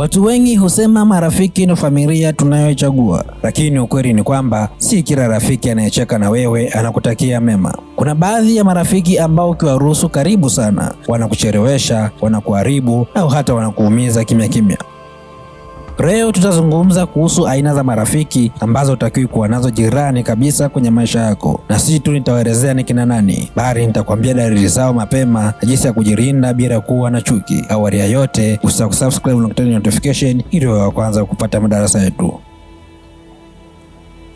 Watu wengi husema marafiki na familia tunayochagua, lakini ukweli ni kwamba si kila rafiki anayecheka na wewe anakutakia mema. Kuna baadhi ya marafiki ambao ukiwaruhusu karibu sana, wanakuchelewesha, wanakuharibu au hata wanakuumiza kimya kimya. Leo tutazungumza kuhusu aina za marafiki ambazo utakiwi kuwa nazo jirani kabisa kwenye maisha yako, na si tu nitawaelezea ni kina nani, bali nitakwambia dalili zao mapema na jinsi ya kujirinda bila kuwa na chuki. Awali ya yote, usisahau kusubscribe na kutani notification ili wa kwanza kupata madarasa yetu.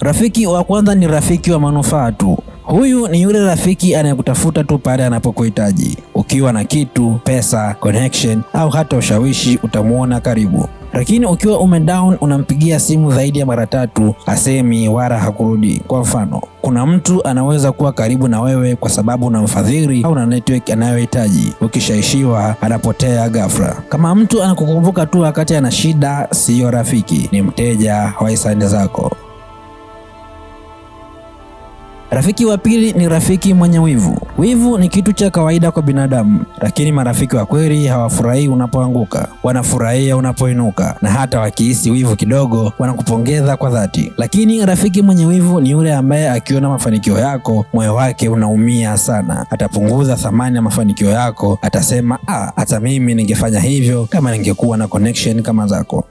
Rafiki wa kwanza ni rafiki wa manufaa tu. Huyu ni yule rafiki anayekutafuta tu pale anapokuhitaji. Ukiwa na kitu, pesa, connection au hata ushawishi, utamwona karibu, lakini ukiwa down, unampigia simu zaidi ya mara tatu, asemi wala hakurudi. Kwa mfano, kuna mtu anaweza kuwa karibu na wewe kwa sababu una mfadhili au na network anayohitaji. Ukishaishiwa, anapotea ghafla. Kama mtu anakukumbuka tu wakati ana shida, siyo rafiki, ni mteja wa hisani zako. Rafiki wa pili ni rafiki mwenye wivu. Wivu ni kitu cha kawaida kwa binadamu, lakini marafiki wa kweli hawafurahii unapoanguka, wanafurahia unapoinuka, na hata wakihisi wivu kidogo, wanakupongeza kwa dhati. Lakini rafiki mwenye wivu ni yule ambaye akiona mafanikio yako, moyo wake unaumia sana. Atapunguza thamani ya mafanikio yako, atasema ah, hata mimi ningefanya hivyo kama ningekuwa na connection kama zako.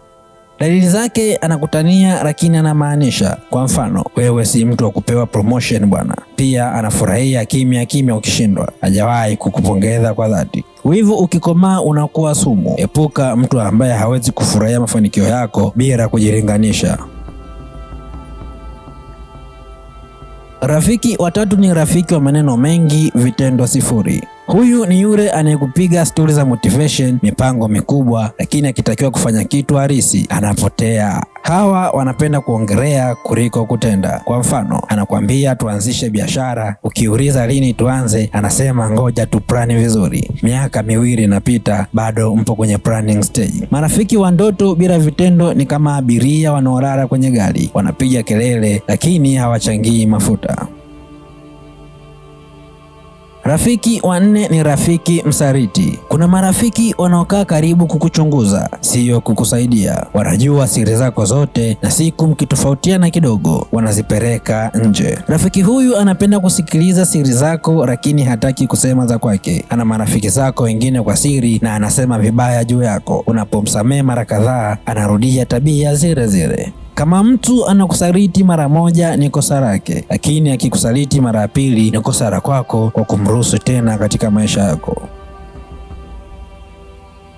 Dalili zake anakutania, lakini anamaanisha. Kwa mfano, wewe si mtu wa kupewa promotion bwana. Pia anafurahia kimya kimya ukishindwa, hajawahi kukupongeza kwa dhati. Wivu ukikomaa unakuwa sumu. Epuka mtu ambaye hawezi kufurahia mafanikio yako bila kujilinganisha. Rafiki watatu ni rafiki wa maneno mengi, vitendo sifuri. Huyu ni yule anayekupiga stori za motivation, mipango mikubwa, lakini akitakiwa kufanya kitu halisi anapotea. Hawa wanapenda kuongelea kuliko kutenda. Kwa mfano, anakuambia tuanzishe biashara, ukiuliza lini tuanze, anasema ngoja tu plani vizuri. Miaka miwili inapita, bado mpo kwenye planning stage. Marafiki wa ndoto bila vitendo ni kama abiria wanaolala kwenye gari, wanapiga kelele lakini hawachangii mafuta. Rafiki wa nne ni rafiki msaliti. Kuna marafiki wanaokaa karibu kukuchunguza, siyo kukusaidia. Wanajua siri zako zote, na siku mkitofautiana kidogo wanazipereka nje. Rafiki huyu anapenda kusikiliza siri zako, lakini hataki kusema za kwake. Ana marafiki zako wengine kwa siri na anasema vibaya juu yako. Unapomsamehe mara kadhaa, anarudia tabia zile zile. Kama mtu anakusaliti mara moja ni kosa lake, lakini akikusaliti mara ya pili ni kosa la kwako kwa kumruhusu tena katika maisha yako.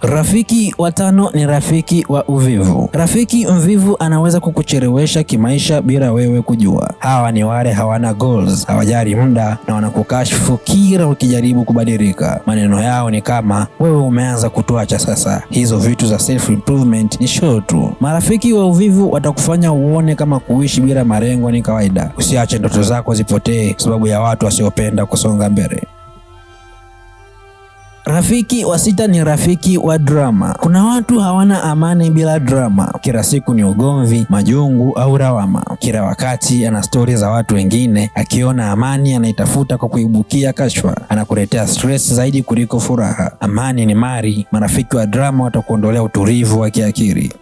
Rafiki wa tano ni rafiki wa uvivu. Rafiki mvivu anaweza kukuchelewesha kimaisha bila wewe kujua. Hawa ni wale hawana goals, hawajali muda na wanakukashifu kila ukijaribu kubadilika. Maneno yao ni kama wewe umeanza kutuacha sasa. Hizo vitu za self improvement ni show tu. Marafiki wa uvivu watakufanya uone kama kuishi bila malengo ni kawaida. Usiache ndoto zako zipotee sababu ya watu wasiopenda kusonga mbele. Rafiki wa sita ni rafiki wa drama. Kuna watu hawana amani bila drama. Kila siku ni ugomvi, majungu au lawama. Kila wakati ana stori za watu wengine. Akiona amani anaitafuta kwa kuibukia kashfa, anakuletea stress zaidi kuliko furaha. Amani ni mali. Marafiki wa drama watakuondolea utulivu wa kiakili.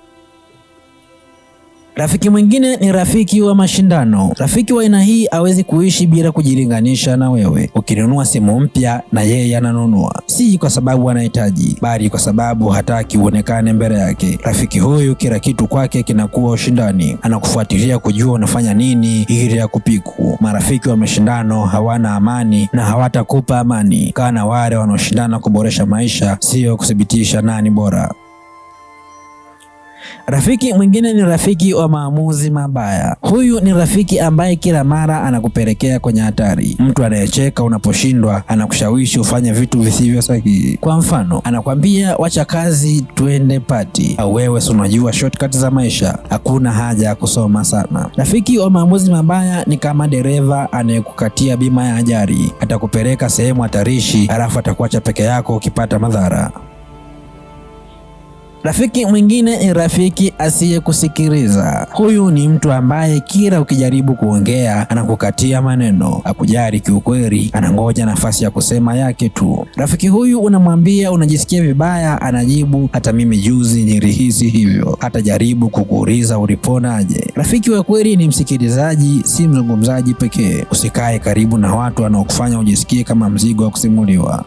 Rafiki mwingine ni rafiki wa mashindano. Rafiki wa aina hii hawezi kuishi bila kujilinganisha na wewe. Ukinunua simu mpya na yeye ananunua, si kwa sababu anahitaji, bali kwa sababu hataki uonekane mbele yake. Rafiki huyu kila kitu kwake kinakuwa ushindani, anakufuatilia kujua unafanya nini ili ya kupiku. Marafiki wa mashindano hawana amani na hawatakupa amani. Kaa na wale wanaoshindana kuboresha maisha, sio kuthibitisha nani bora. Rafiki mwingine ni rafiki wa maamuzi mabaya. Huyu ni rafiki ambaye kila mara anakupelekea kwenye hatari, mtu anayecheka unaposhindwa, anakushawishi ufanye vitu visivyo sahihi. Kwa mfano, anakwambia wacha kazi tuende pati, au wewe si unajua shortcut za maisha, hakuna haja ya kusoma sana. Rafiki wa maamuzi mabaya ni kama dereva anayekukatia bima ya ajali, atakupeleka sehemu hatarishi, halafu atakuacha peke yako ukipata madhara. Rafiki mwingine ni rafiki asiyekusikiliza. Huyu ni mtu ambaye kila ukijaribu kuongea anakukatia maneno, akujali kiukweli, anangoja nafasi ya kusema yake tu. Rafiki huyu unamwambia unajisikia vibaya, anajibu hata mimi juzi nilihisi hivyo, hata jaribu kukuuliza uliponaje. Rafiki wa kweli ni msikilizaji, si mzungumzaji pekee. Usikae karibu na watu wanaokufanya ujisikie kama mzigo wa kusimuliwa.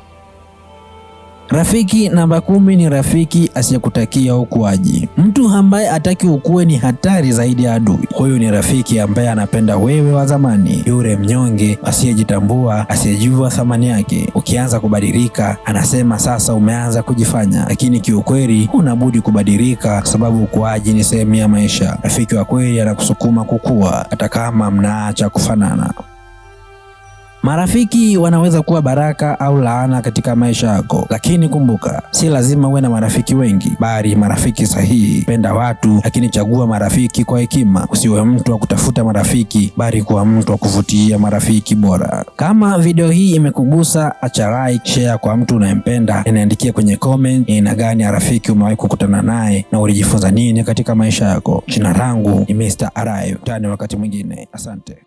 Rafiki namba kumi ni rafiki asiyekutakia ukuaji. Mtu ambaye hataki ukue ni hatari zaidi ya adui. Huyu ni rafiki ambaye anapenda wewe wa zamani, yule mnyonge asiyejitambua, asiyejua thamani yake. Ukianza kubadilika, anasema sasa umeanza kujifanya, lakini kiukweli unabudi kubadilika, sababu ukuaji ni sehemu ya maisha. Rafiki wa kweli anakusukuma kukua, hata kama mnaacha kufanana. Marafiki wanaweza kuwa baraka au laana katika maisha yako, lakini kumbuka, si lazima uwe na marafiki wengi, bali marafiki sahihi. Penda watu, lakini chagua marafiki kwa hekima. Usiwe mtu wa kutafuta marafiki, bali kuwa mtu wa kuvutia marafiki bora. Kama video hii imekugusa, acha like, share kwa mtu unayempenda, inaandikia kwenye comment aina gani ya rafiki umewahi kukutana naye na ulijifunza nini katika maisha yako. Jina langu ni Mr. Arrive, tani wakati mwingine. Asante.